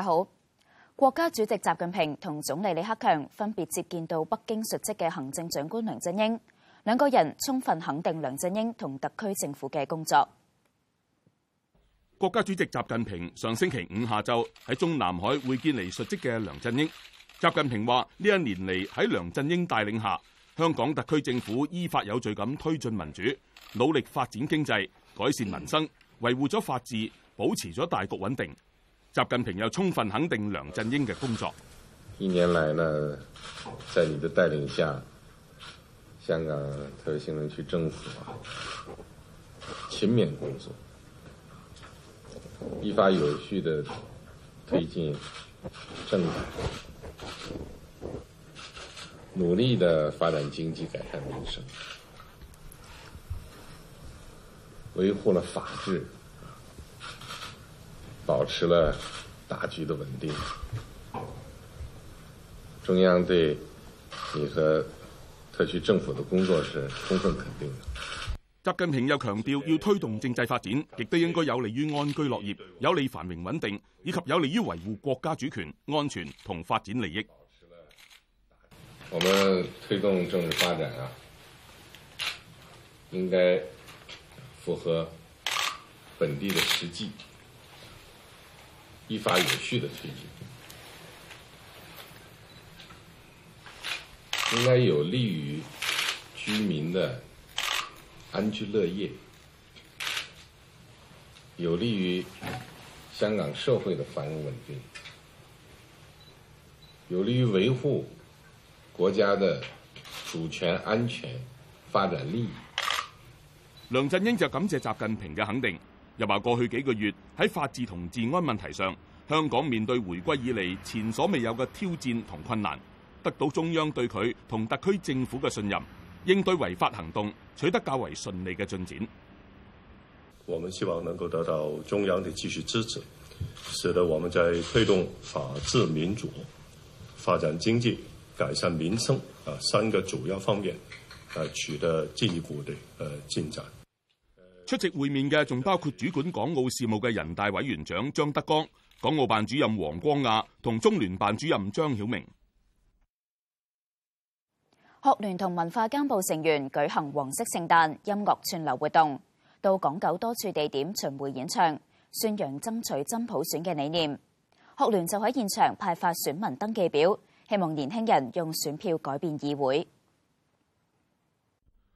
大家好，國家主席習近平同總理李克強分別接見到北京述職嘅行政長官梁振英，兩個人充分肯定梁振英同特區政府嘅工作。國家主席習近平上星期五下晝喺中南海會見嚟述職嘅梁振英。習近平話：呢一年嚟喺梁振英帶領下，香港特區政府依法有序咁推進民主，努力發展經濟，改善民生，維護咗法治，保持咗大局穩定。習近平又充分肯定梁振英的工作。一年來呢，在你的帶領下，香港特別行政區政府，勤勉工作，依法有序的推進政改，努力的發展經濟、改善民生，維護了法治。保持了大局的穩定，中央對你和特區政府的工作是充分肯定的。習近平又強調，要推動政制發展，亦都應該有利於安居樂業、有利繁榮穩定，以及有利於維護國家主權、安全同發展利益。我們推動政治發展啊，應該符合本地的實際。依法有序的推進，應該有利於居民的安居樂業，有利於香港社會的繁榮穩定，有利於維護國家的主權安全發展利益。梁振英就感謝習近平嘅肯定。又話過去幾個月喺法治同治安問題上，香港面對回歸以嚟前所未有嘅挑戰同困難，得到中央對佢同特區政府嘅信任，應對違法行動取得較為順利嘅進展。我們希望能夠得到中央嘅繼續支持，使得我們在推動法治民主、發展經濟、改善民生啊，三個主要方面啊，取得進一步嘅呃進展。出席會面嘅仲包括主管港澳事務嘅人大委員長張德江、港澳辦主任王光亞同中聯辦主任張曉明。學聯同文化監暴成員舉行黃色聖誕音樂串流活動，到港九多處地點巡回演唱，宣揚爭取真普選嘅理念。學聯就喺現場派發選民登記表，希望年輕人用選票改變議會。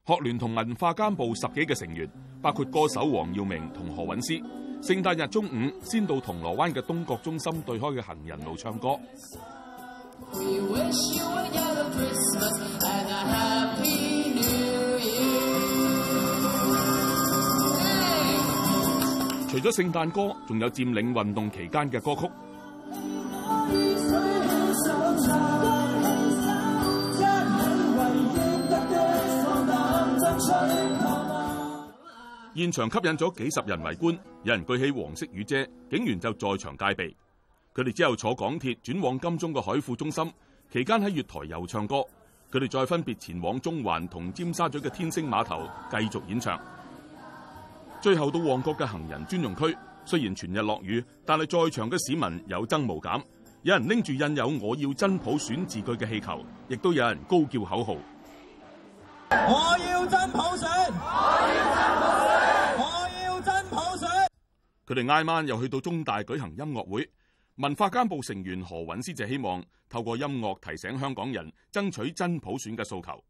學聯同文化監暴十幾個成員，包括歌手黃耀明同何韻詩，聖誕日中午先到銅鑼灣嘅東角中心對開嘅行人路唱歌。除咗聖誕歌，仲有佔領運動期間嘅歌曲。現場吸引咗幾十人圍觀，有人舉起黃色雨遮，警員就在場戒備。佢哋之後坐港鐵轉往金鐘嘅海富中心，期間喺月台又唱歌。佢哋再分別前往中環同尖沙咀嘅天星碼頭繼續演唱。最後到旺角嘅行人專用區，雖然全日落雨，但係在場嘅市民有增無減，有人拎住印有我要真普選字句嘅氣球，亦都有人高叫口號：我要真普選！佢哋挨晚又去到中大舉行音樂會，文化監暴成員何韻詩就希望透過音樂提醒香港人爭取真普選嘅訴求。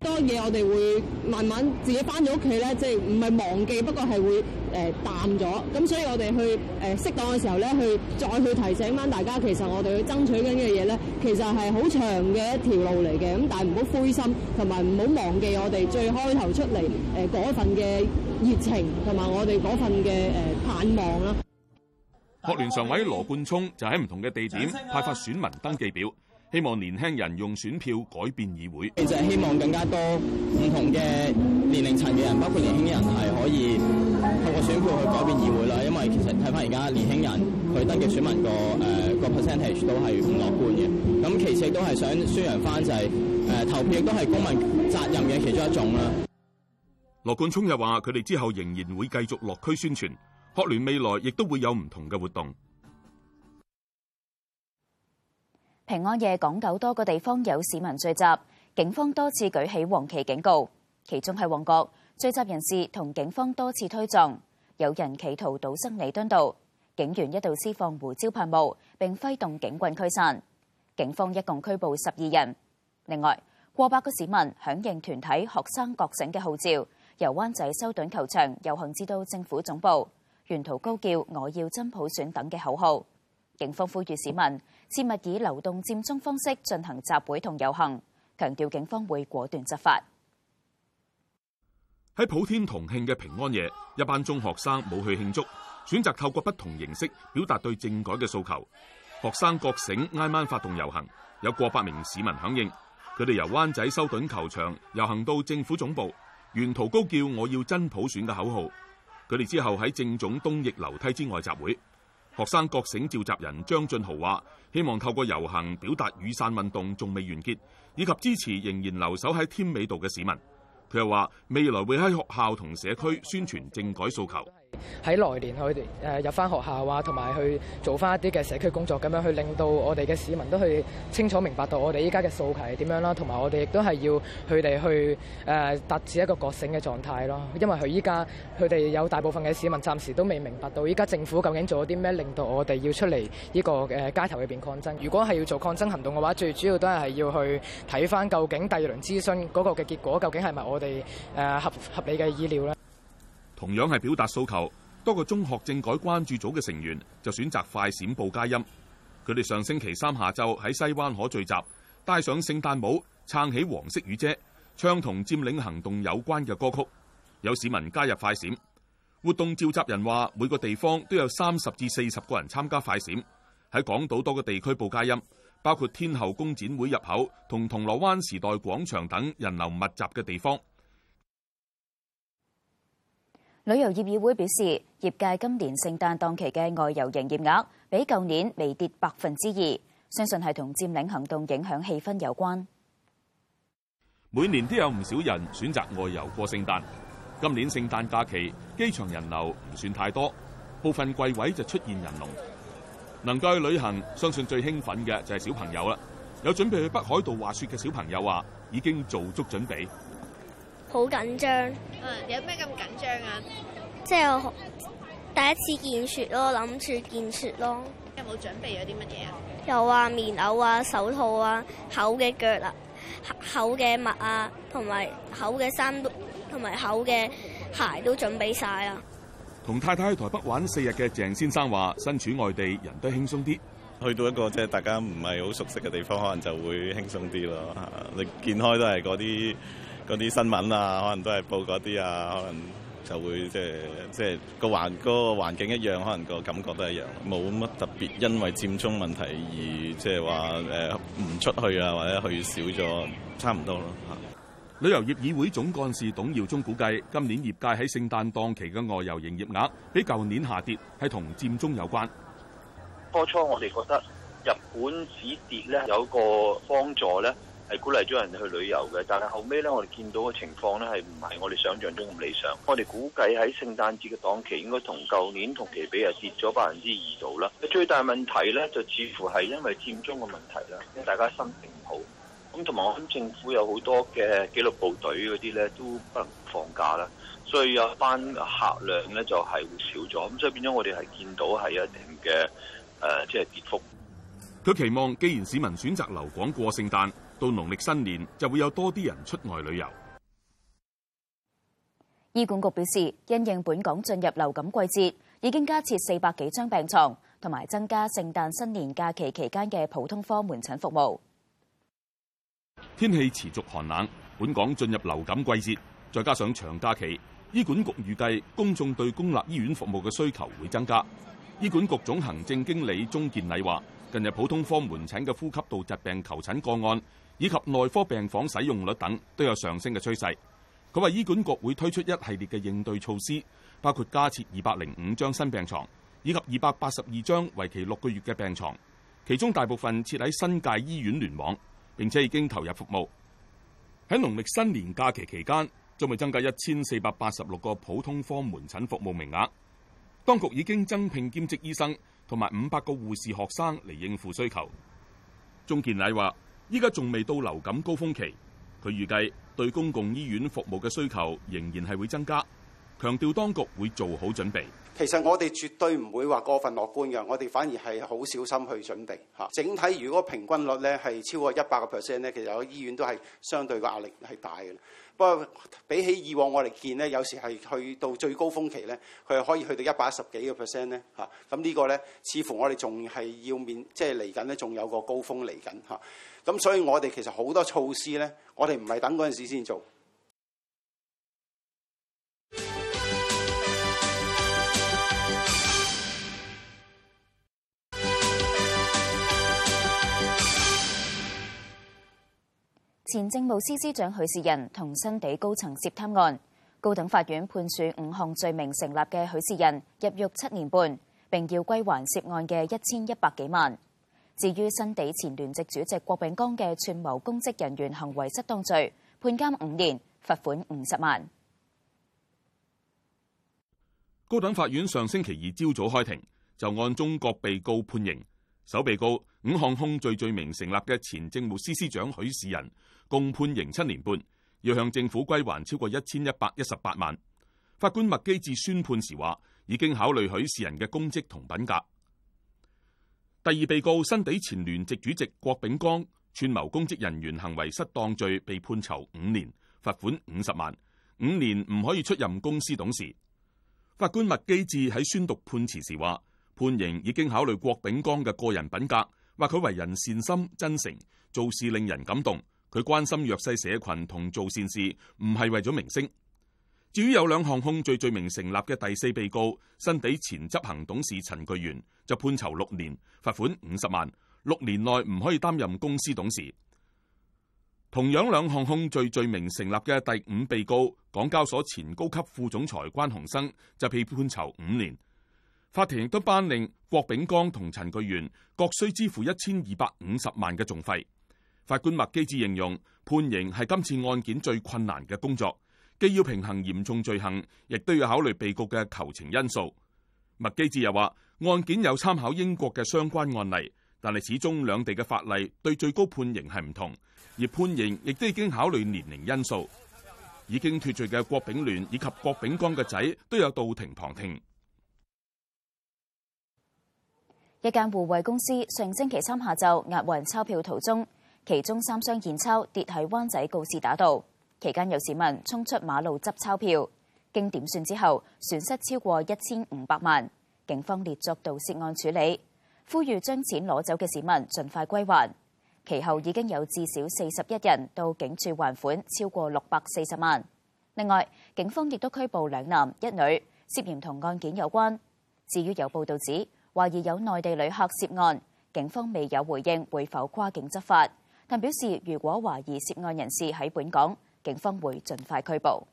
多嘢我哋會慢慢自己翻咗屋企咧，即係唔係忘記，不過係會誒淡咗。咁所以我哋去誒適當嘅時候咧，去再去提醒翻大家，其實我哋去爭取緊嘅嘢咧。其實係好長嘅一條路嚟嘅，咁但係唔好灰心，同埋唔好忘記我哋最開頭出嚟誒嗰份嘅熱情，同埋我哋嗰份嘅誒盼望啦。學聯常委羅冠聰就喺唔同嘅地點派發選民登記表。希望年輕人用選票改變議會，其實係希望更加多唔同嘅年齡層嘅人，包括年輕人係可以透過選票去改變議會啦。因為其實睇翻而家年輕人佢登嘅選民個誒個 percentage 都係唔樂觀嘅。咁其實都係想宣揚翻就係誒投票亦都係公民責任嘅其中一種啦。羅冠聰又話：佢哋之後仍然會繼續落區宣傳，學聯未來亦都會有唔同嘅活動。平安夜港九多個地方有市民聚集，警方多次舉起黃旗警告，其中喺旺角，聚集人士同警方多次推撞，有人企圖堵塞彌敦道，警員一度施放胡椒噴霧，並揮動警棍驅散，警方一共拘捕十二人。另外，過百個市民響應團體學生覺醒嘅號召，由灣仔修頓球場遊行至到政府總部，沿途高叫我要真普選等嘅口號。警方呼籲市民切勿以流動佔中方式進行集會同遊行，強調警方會果斷執法。喺普天同慶嘅平安夜，一班中學生冇去慶祝，選擇透過不同形式表達對政改嘅訴求。學生覺醒挨晚發動遊行，有過百名市民響應。佢哋由灣仔修頓球場遊行到政府總部，沿途高叫我要真普選嘅口號。佢哋之後喺政總東翼樓梯之外集會。學生覺醒召集人張俊豪話，希望透過遊行表達雨傘運動仲未完結，以及支持仍然留守喺添美道嘅市民。佢又話，未來會喺學校同社區宣傳政改訴求。喺來年去誒入翻學校啊，同埋去做翻一啲嘅社區工作，咁樣去令到我哋嘅市民都去清楚明白到我哋依家嘅訴求係點樣啦，同埋我哋亦都係要佢哋去誒達、呃、至一個覺醒嘅狀態咯。因為佢依家佢哋有大部分嘅市民暫時都未明白到依家政府究竟做咗啲咩，令到我哋要出嚟呢、這個誒、呃、街頭裏邊抗爭。如果係要做抗爭行動嘅話，最主要都係要去睇翻究竟第二輪諮詢嗰個嘅結果究竟係咪我哋誒、呃、合合理嘅意料咧？同樣係表達訴求，多個中學政改關注組嘅成員就選擇快閃報佳音。佢哋上星期三下晝喺西灣河聚集，戴上聖誕帽，撐起黃色雨遮，唱同佔領行動有關嘅歌曲。有市民加入快閃活動。召集人話：每個地方都有三十至四十個人參加快閃，喺港島多個地區報佳音，包括天后公展會入口同銅鑼灣時代廣場等人流密集嘅地方。旅遊業議會表示，業界今年聖誕檔期嘅外遊營業額比舊年微跌百分之二，相信係同佔領行動影響氣氛有關。每年都有唔少人選擇外遊過聖誕，今年聖誕假期機場人流唔算太多，部分櫃位就出現人龍。能夠去旅行，相信最興奮嘅就係小朋友啦。有準備去北海道滑雪嘅小朋友話，已經做足準備。好緊張！嗯，有咩咁緊張啊？即係第一次見雪咯，諗住見雪咯。有冇準備咗啲乜嘢啊？有啊，棉襖啊，手套啊，厚嘅腳啊，厚嘅襪啊，同埋厚嘅衫同埋厚嘅鞋都準備晒啊。同太太去台北玩四日嘅鄭先生話，身處外地人都輕鬆啲，去到一個即係大家唔係好熟悉嘅地方，可能就會輕鬆啲咯。你見開都係嗰啲。嗰啲新聞啊，可能都係報嗰啲啊，可能就會即係即係個環，個環境一樣，可能個感覺都一樣，冇乜特別，因為佔中問題而即係話誒唔出去啊，或者去少咗，差唔多咯。旅遊業議會總幹事董耀中估計，今年業界喺聖誕檔期嘅外遊營業額比舊年下跌，係同佔中有關。初初我哋覺得日本止跌咧，有個幫助咧。係鼓勵咗人去旅遊嘅，但係後尾咧，我哋見到嘅情況咧係唔係我哋想象中咁理想。我哋估計喺聖誕節嘅檔期應該同舊年同期比啊跌咗百分之二度啦。最大問題咧就似乎係因為佔中嘅問題啦，因為大家心情唔好，咁同埋我諗政府有好多嘅紀律部隊嗰啲咧都不能放假啦，所以有班客量咧就係會少咗，咁所以變咗我哋係見到係一定嘅誒，即係跌幅。佢期望既然市民選擇留港過聖誕。到農曆新年就會有多啲人出外旅遊。醫管局表示，因應本港進入流感季節，已經加設四百幾張病床，同埋增加聖誕、新年假期期間嘅普通科門診服務。天氣持續寒冷，本港進入流感季節，再加上長假期，醫管局預計公眾對公立醫院服務嘅需求會增加。醫管局總行政經理鍾健禮話，近日普通科門診嘅呼吸道疾病求診個案。以及內科病房使用率等都有上升嘅趨勢。佢話醫管局會推出一系列嘅應對措施，包括加設二百零五張新病床以及二百八十二張為期六個月嘅病床，其中大部分設喺新界醫院聯網，並且已經投入服務。喺農曆新年假期期間，準備增加一千四百八十六個普通科門診服務名額。當局已經增聘兼職醫生同埋五百個護士學生嚟應付需求。鍾健禮話。依家仲未到流感高峰期，佢預計對公共醫院服務嘅需求仍然係會增加，強調當局會做好準備。其實我哋絕對唔會話過分樂觀嘅，我哋反而係好小心去準備嚇。整體如果平均率咧係超過一百個 percent 咧，其實有個醫院都係相對個壓力係大嘅。不過比起以往我哋見咧，有時係去到最高峰期咧，佢係可以去到一百一十幾個 percent 咧嚇。咁呢個咧，似乎我哋仲係要面即係嚟緊咧，仲有個高峰嚟緊嚇。咁所以，我哋其實好多措施呢，我哋唔係等嗰陣時先做。前政務司司長許仕仁同新地高層涉貪案，高等法院判處五項罪名成立嘅許仕仁入獄七年半，並要歸還涉案嘅一千一百幾萬。至於新地前聯席主席郭炳江嘅串謀公職人員行為失當罪，判監五年，罰款五十萬。高等法院上星期二朝早開庭，就按中國被告判刑。首被告五項控罪罪名成立嘅前政務司司長許仕仁，共判刑七年半，要向政府歸還超過一千一百一十八萬。法官麥基智宣判時話，已經考慮許仕仁嘅公職同品格。第二被告新地前聯席主席郭炳江串謀公職人員行為失當罪被判囚五年，罰款五十萬，五年唔可以出任公司董事。法官麥基智喺宣讀判詞時話：判刑已經考慮郭炳江嘅個人品格，話佢為人善心真誠，做事令人感動，佢關心弱勢社群同做善事，唔係為咗名聲。至於有兩項控罪罪名成立嘅第四被告，新地前執行董事陳巨源就判囚六年，罰款五十萬，六年內唔可以擔任公司董事。同樣兩項控罪罪名成立嘅第五被告，港交所前高級副總裁關洪生就被判囚五年。法庭亦都頒令郭炳江同陳巨源各需支付一千二百五十萬嘅訟費。法官麥基志形容判刑係今次案件最困難嘅工作。既要平衡嚴重罪行，亦都要考慮被告嘅求情因素。麥基智又話，案件有參考英國嘅相關案例，但係始終兩地嘅法例對最高判刑係唔同，而判刑亦都已經考慮年齡因素。已經脫罪嘅郭炳聯以及郭炳光嘅仔都有到庭旁聽。一間護衛公司上星期三下晝押運鈔票途中，其中三箱現鈔跌喺灣仔告士打道。期間有市民衝出馬路執鈔票，經點算之後損失超過一千五百萬，警方列作盜竊案處理，呼籲將錢攞走嘅市民盡快歸還。其後已經有至少四十一人到警署還款，超過六百四十萬。另外，警方亦都拘捕兩男一女，涉嫌同案件有關。至於有報道指懷疑有內地旅客涉案，警方未有回應會否跨境執法，但表示如果懷疑涉案人士喺本港，警方會盡快拘捕。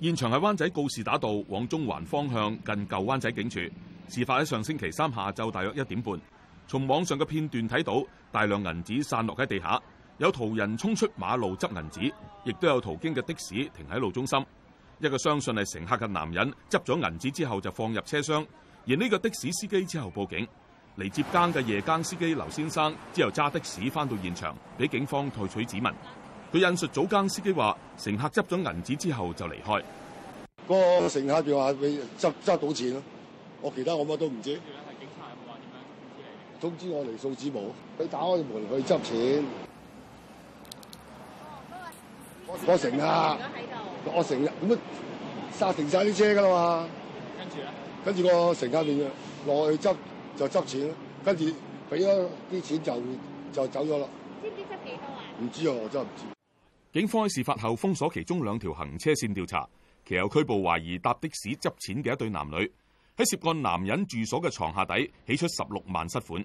現場係灣仔告士打道往中環方向近舊灣仔警署，事發喺上星期三下晝大約一點半。從網上嘅片段睇到，大量銀紙散落喺地下，有途人衝出馬路執銀紙，亦都有途經嘅的，的士停喺路中心。一個相信係乘客嘅男人執咗銀紙之後就放入車廂，而呢個的士司機之後報警。嚟接更嘅夜更司機劉先生之後揸的士返到現場，俾警方採取指紋。佢引述早更司機話：乘客執咗銀紙之後就離開。個乘客就話：佢執執到錢咯。我其他我乜都唔知。通知我嚟掃紙簿。佢打開門去執錢。我我、哦那個那個、乘客。我成日，咁啊，煞停晒啲車噶啦嘛。跟住咧？跟住個乘客仲落、那個、去執就執錢，錢，錢，跟住俾咗啲錢就就走咗啦。知唔知執幾多啊？唔知啊，我真係唔知。警方喺事發後封鎖其中兩條行車線調查，其後拘捕懷疑搭的士執錢嘅一對男女。喺涉案男人住所嘅床下底起出十六萬失款。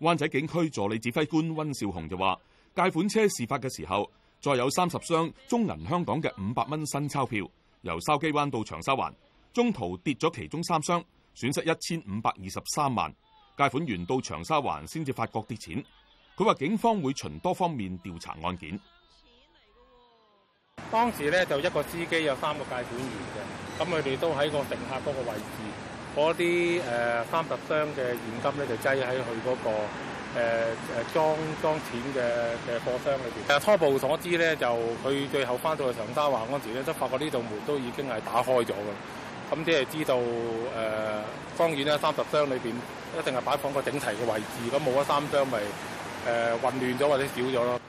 灣仔警區助理指揮官温少雄就話，解款車事發嘅時候，再有三十箱中銀香港嘅五百蚊新鈔票，由筲箕灣到長沙灣，中途跌咗其中三箱，損失一千五百二十三萬。解款員到長沙灣先至發覺跌錢。佢話：警方會循多方面調查案件。當時咧就一個司機有三個介管員嘅，咁佢哋都喺個乘客嗰個位置，嗰啲誒三十箱嘅現金咧就擠喺佢嗰個誒、呃、裝裝錢嘅嘅貨箱裏邊。誒初步所知咧就佢最後翻到去長沙灣嗰時咧都發覺呢道門都已經係打開咗嘅，咁即係知道誒、呃、當然啦，三十箱裏面一定係擺放個整齊嘅位置，咁冇咗三箱咪誒、呃、混亂咗或者少咗咯。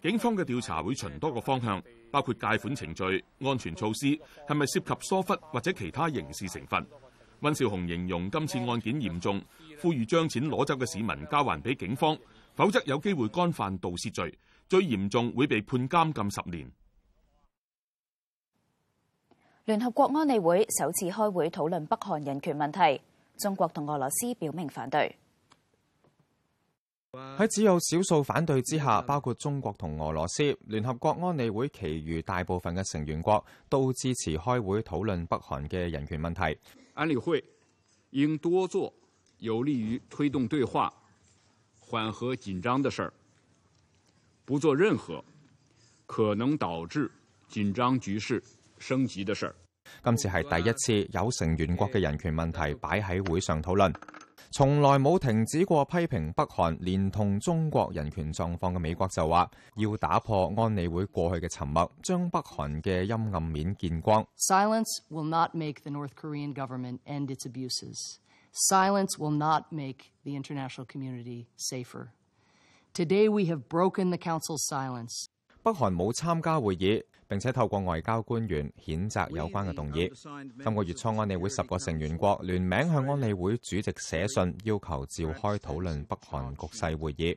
警方嘅調查會循多個方向，包括解款程序、安全措施，係咪涉及疏忽或者其他刑事成分？溫少雄形容今次案件嚴重，呼籲將錢攞走嘅市民交還俾警方，否則有機會干犯盜竊罪，最嚴重會被判監禁十年。聯合國安理會首次開會討論北韓人權問題，中國同俄羅斯表明反對。喺只有少數反對之下，包括中國同俄羅斯，聯合國安理會其餘大部分嘅成員國都支持開會討論北韓嘅人權問題。安理會應多做有利於推動對話、緩和緊張的事，不做任何可能導致緊張局勢升級的事。今次係第一次有成員國嘅人權問題擺喺會上討論。從來冇停止過批評北韓連同中國人權狀況嘅美國就話要打破安理會過去嘅沉默，將北韓嘅陰暗面見光。Silence will not make the North Korean government end its abuses. Silence will not make the international community safer. Today we have broken the council's silence. 北韓冇參加會議。並且透過外交官員譴責有關嘅動議。今個月初，安理會十個成員國聯名向安理會主席寫信，要求召開討論北韓局勢會議。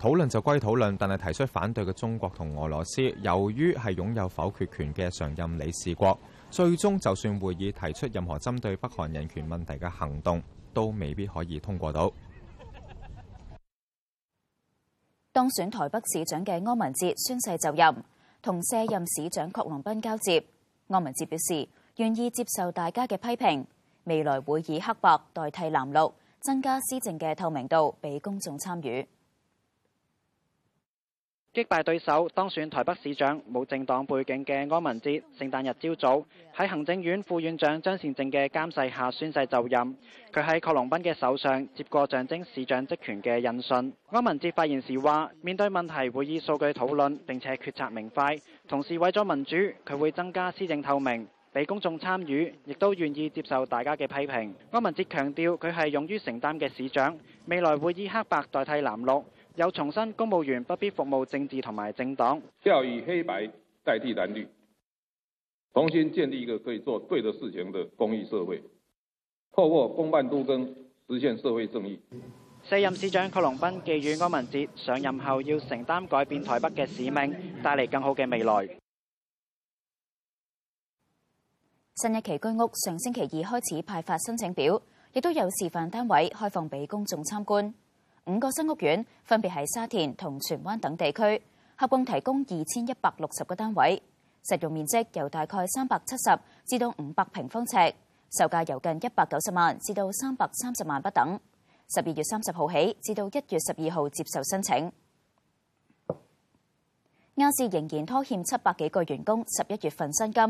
討論就歸討論，但係提出反對嘅中國同俄羅斯，由於係擁有否決權嘅常任理事國，最終就算會議提出任何針對北韓人權問題嘅行動，都未必可以通過到。當選台北市長嘅柯文哲宣誓就任。同卸任市長郝龍斌交接，柯文哲表示願意接受大家嘅批評，未來會以黑白代替藍綠，增加施政嘅透明度，俾公眾參與。擊敗對手當選台北市長冇政黨背景嘅柯文哲。聖誕日朝早喺行政院副院長張善政嘅監誓下宣誓就任。佢喺郝龍斌嘅手上接過象徵市長職權嘅印信。柯文哲發言時話：面對問題會以數據討論，並且決策明快。同時為咗民主，佢會增加施政透明，俾公眾參與，亦都願意接受大家嘅批評。柯文哲強調佢係勇於承擔嘅市長，未來會以黑白代替藍綠。有重新公務員不必服務政治同埋政黨，要以黑白代替藍綠，重新建立一個可以做對的事情的公益社會，透過公辦都更實現社會正義。卸任市長郝龍斌寄語，柯文哲上任後要承擔改變台北嘅使命，帶嚟更好嘅未來。新一期居屋上星期二開始派發申請表，亦都有示範單位開放俾公眾參觀。五個新屋苑分別係沙田同荃灣等地區，合共提供二千一百六十個單位，實用面積由大概三百七十至到五百平方尺，售價由近一百九十萬至到三百三十萬不等。十二月三十號起至到一月十二號接受申請。亞視仍然拖欠七百幾個員工十一月份薪金，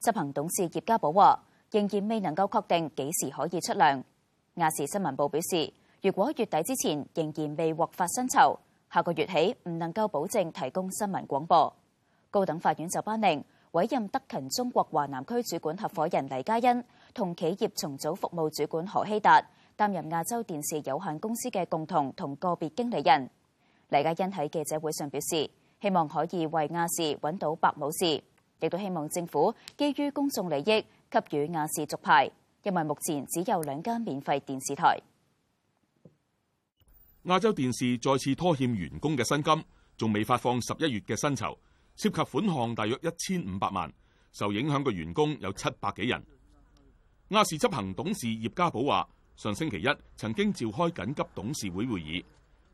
執行董事葉家寶話仍然未能夠確定幾時可以出糧。亞視新聞部表示，如果月底之前仍然未獲發薪酬，下個月起唔能夠保證提供新聞廣播。高等法院就頒令委任德勤中國華南區主管合伙人黎嘉欣同企業重組服務主管何希達擔任亞洲電視有限公司嘅共同同個別經理人。黎嘉欣喺記者會上表示，希望可以為亞視揾到白武士，亦都希望政府基於公眾利益給予亞視續牌，因為目前只有兩間免費電視台。亞洲電視再次拖欠員工嘅薪金，仲未發放十一月嘅薪酬，涉及款項大約一千五百萬，受影響嘅員工有七百幾人。亞視執行董事葉家寶話，上星期一曾經召開緊急董事會會議，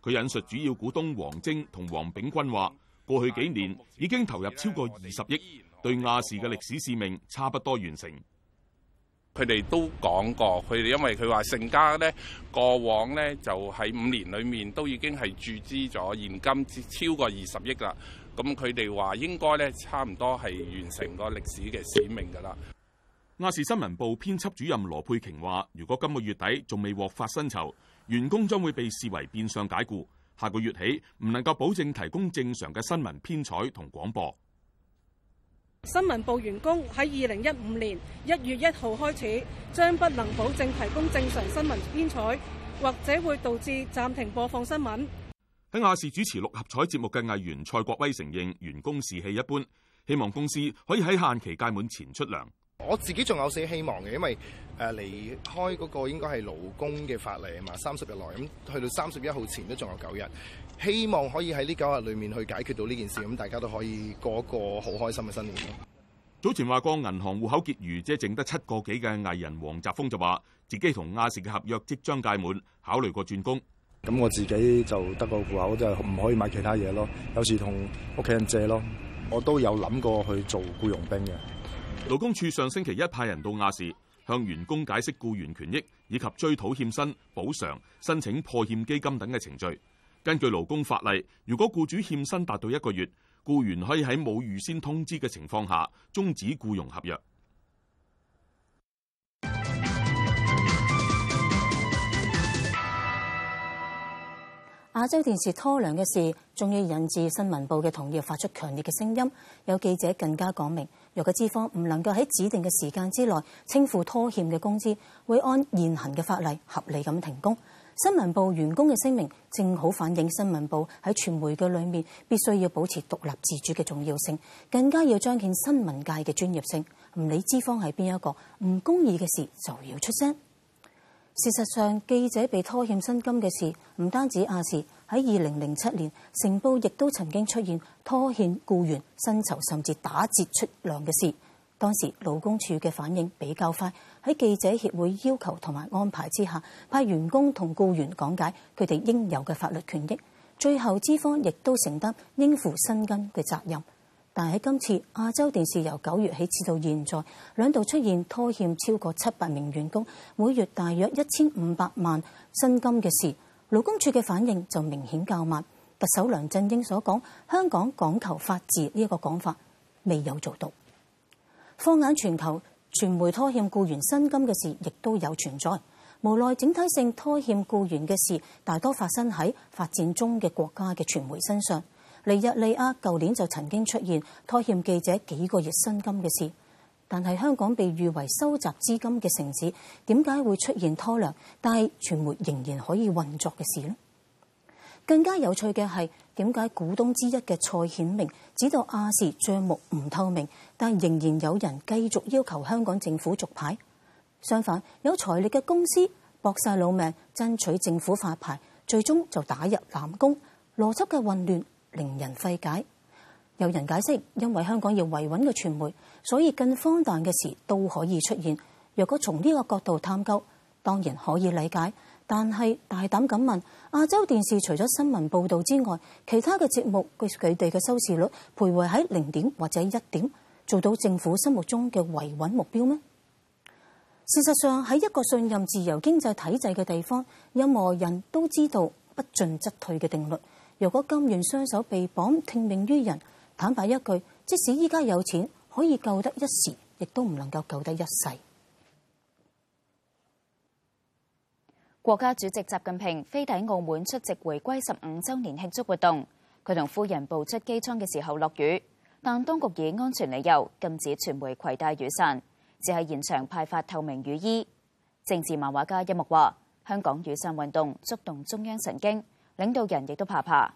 佢引述主要股東黃晶同黃炳鈞話，過去幾年已經投入超過二十億，對亞視嘅歷史使命差不多完成。佢哋都講過，佢哋因為佢話成家呢，過往呢，就喺五年裏面都已經係注資咗現金超過二十億啦。咁佢哋話應該呢，差唔多係完成個歷史嘅使命噶啦。亞視新聞部編輯主任羅佩瓊話，如果今個月底仲未獲發薪酬，員工將會被視為變相解僱。下個月起唔能夠保證提供正常嘅新聞編採同廣播。新聞部員工喺二零一五年一月一號開始，將不能保證提供正常新聞編採，或者會導致暫停播放新聞。喺亞視主持六合彩節目嘅藝員蔡國威承認，員工士氣一般，希望公司可以喺限期屆滿前出糧。我自己仲有少希望嘅，因為誒啊，離開嗰個應該係勞工嘅法例啊嘛，三十日內咁去到三十一號前都仲有九日。希望可以喺呢九日裏面去解決到呢件事，咁大家都可以過一個好開心嘅生活。早前話過銀行戶口結餘，即係剩得七個幾嘅藝人黃澤鋒就話自己同亞視嘅合約即將屆滿，考慮過轉工。咁我自己就得個戶口，就係唔可以買其他嘢咯。有時同屋企人借咯，我都有諗過去做僱傭兵嘅。勞工處上星期一派人到亞視，向員工解釋僱員權益以及追討欠薪補償、申請破欠基金等嘅程序。根據勞工法例，如果僱主欠薪達到一個月，僱員可以喺冇預先通知嘅情況下終止僱傭合約。亞洲電視拖糧嘅事，終於引致新聞部嘅同業發出強烈嘅聲音。有記者更加講明，若果資方唔能夠喺指定嘅時間之內清付拖欠嘅工資，會按現行嘅法例合理咁停工。新聞部員工嘅聲明，正好反映新聞部喺傳媒嘅裏面必須要保持獨立自主嘅重要性，更加要彰顯新聞界嘅專業性。唔理資方係邊一個，唔公義嘅事就要出聲。事實上，記者被拖欠薪金嘅事，唔單止亞視，喺二零零七年成報亦都曾經出現拖欠僱員薪酬甚至打折出糧嘅事。當時勞工處嘅反應比較快。喺記者協會要求同埋安排之下，派員工同雇員講解佢哋應有嘅法律權益。最後，資方亦都承擔應付薪金嘅責任。但係喺今次亞洲電視由九月起至到現在兩度出現拖欠超過七百名員工每月大約一千五百萬薪金嘅事，勞工處嘅反應就明顯較慢。特首梁振英所講香港講求法治呢一個講法未有做到。放眼全球。傳媒拖欠僱員薪金嘅事亦都有存在，無奈整體性拖欠僱員嘅事大多發生喺發展中嘅國家嘅傳媒身上。尼日利亞舊年就曾經出現拖欠記者幾個月薪金嘅事，但係香港被譽為收集資金嘅城市，點解會出現拖糧，但係傳媒仍然可以運作嘅事呢？更加有趣嘅係。點解股東之一嘅蔡顯明指到亞視賬目唔透明，但仍然有人繼續要求香港政府續牌？相反，有財力嘅公司搏晒老命爭取政府發牌，最終就打入冷宮。邏輯嘅混亂令人費解。有人解釋，因為香港要維穩嘅傳媒，所以更荒誕嘅事都可以出現。若果從呢個角度探究，當然可以理解。但係大膽咁問，亞洲電視除咗新聞報導之外，其他嘅節目據佢哋嘅收視率徘徊喺零點或者一點，做到政府心目中嘅維穩目標咩？事實上喺一個信任自由經濟體制嘅地方，任何人都知道不進則退嘅定律。如果甘願雙手被綁，聽命於人，坦白一句，即使依家有錢，可以救得一時，亦都唔能夠救得一世。國家主席習近平飛抵澳門出席回歸十五周年慶祝活動，佢同夫人步出機艙嘅時候落雨，但當局以安全理由禁止傳媒攜帶雨傘，只係現場派發透明雨衣。政治漫畫家一木話：香港雨傘運動觸動中央神經，領導人亦都怕怕。